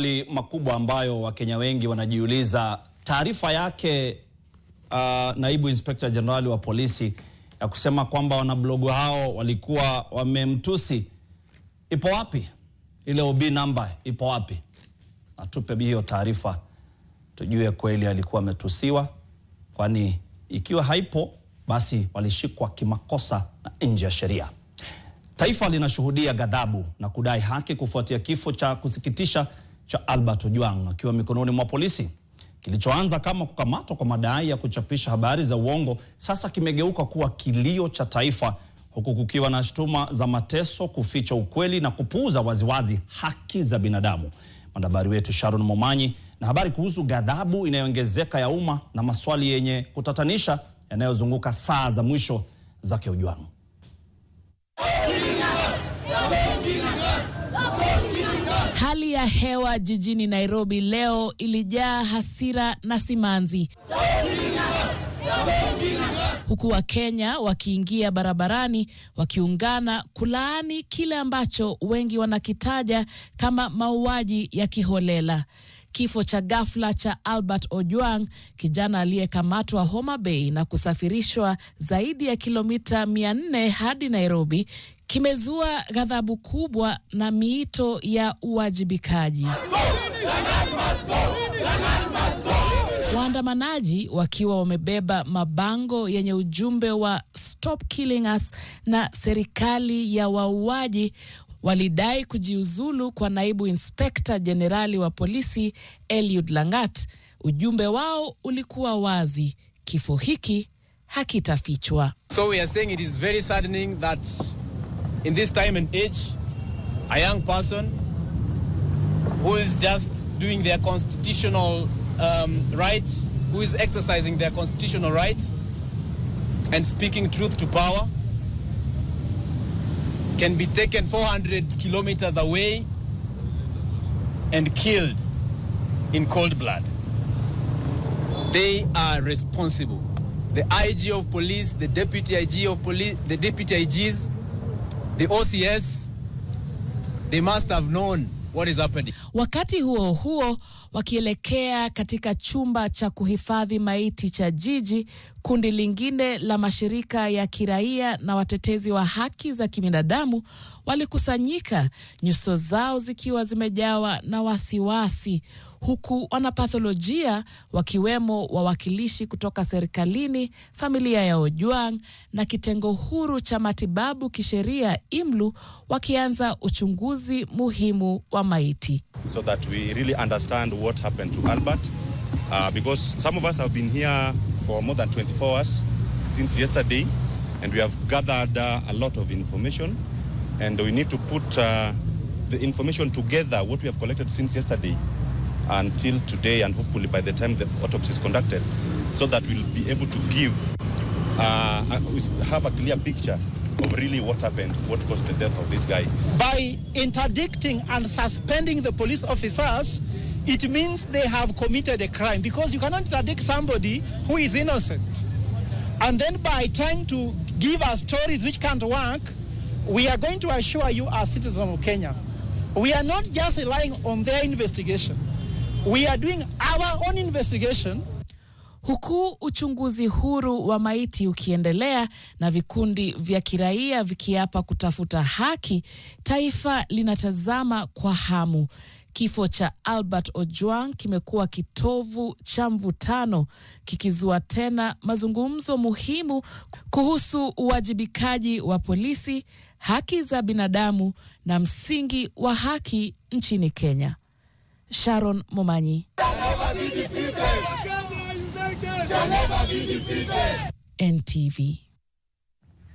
Maswali makubwa ambayo Wakenya wengi wanajiuliza. Taarifa yake uh, naibu inspekta jenerali wa polisi ya kusema kwamba wanablogu hao walikuwa wamemtusi ipo wapi? Ile OB namba ipo wapi? Atupe hiyo taarifa tujue kweli alikuwa ametusiwa, kwani ikiwa haipo basi walishikwa kimakosa na nje ya sheria. Taifa linashuhudia ghadhabu na kudai haki kufuatia kifo cha kusikitisha cha Albert Ojwang akiwa mikononi mwa polisi. Kilichoanza kama kukamatwa kwa madai ya kuchapisha habari za uongo sasa kimegeuka kuwa kilio cha taifa, huku kukiwa na shutuma za mateso, kuficha ukweli na kupuuza waziwazi haki za binadamu. Mwanahabari wetu Sharon Momanyi na habari kuhusu ghadhabu inayoongezeka ya umma na maswali yenye kutatanisha yanayozunguka saa za mwisho zake Ojwang. Hali ya hewa jijini Nairobi leo ilijaa hasira na simanzi huku Wakenya wakiingia barabarani wakiungana kulaani kile ambacho wengi wanakitaja kama mauaji ya kiholela. Kifo cha ghafla cha Albert Ojwang, kijana aliyekamatwa Homa Bay na kusafirishwa zaidi ya kilomita 400 hadi Nairobi kimezua ghadhabu kubwa na miito ya uwajibikaji. Waandamanaji wakiwa wamebeba mabango yenye ujumbe wa Stop Killing Us na serikali ya wauaji walidai kujiuzulu kwa naibu inspekta jenerali wa polisi Eliud Langat. Ujumbe wao ulikuwa wazi, kifo hiki hakitafichwa. So we are saying it is very saddening that in this time and age, a young person who is just doing their constitutional um, right, who is exercising their constitutional right and speaking truth to power, can be taken 400 kilometers away and killed in cold blood. They are responsible. The IG of police, the deputy IG of police, the deputy IGs, the OCS, they must have known What is happening? Wakati huo huo wakielekea katika chumba cha kuhifadhi maiti cha jiji, kundi lingine la mashirika ya kiraia na watetezi wa haki za kibinadamu walikusanyika, nyuso zao zikiwa zimejawa na wasiwasi, huku wanapatholojia wakiwemo wawakilishi kutoka serikalini, familia ya Ojwang na kitengo huru cha matibabu kisheria IMLU wakianza uchunguzi muhimu wa kwa maiti. So that we really understand what happened to Albert, uh, because some of us have been here for more than 24 hours since yesterday, and we have gathered uh, a lot of information, and we need to put uh, the information together, what we have collected since yesterday until today, and hopefully by the time the autopsy is conducted, so that we'll be able to give, uh, have a clear picture of really what happened, what caused the death of this guy. By interdicting and suspending the police officers, it means they have committed a crime because you cannot interdict somebody who is innocent. And then by trying to give us stories which can't work, we are going to assure you as citizens of Kenya, we are not just relying on their investigation. We are doing our own investigation huku uchunguzi huru wa maiti ukiendelea na vikundi vya kiraia vikiapa kutafuta haki, taifa linatazama kwa hamu. Kifo cha Albert Ojwang kimekuwa kitovu cha mvutano, kikizua tena mazungumzo muhimu kuhusu uwajibikaji wa polisi, haki za binadamu na msingi wa haki nchini Kenya. Sharon Momanyi NTV.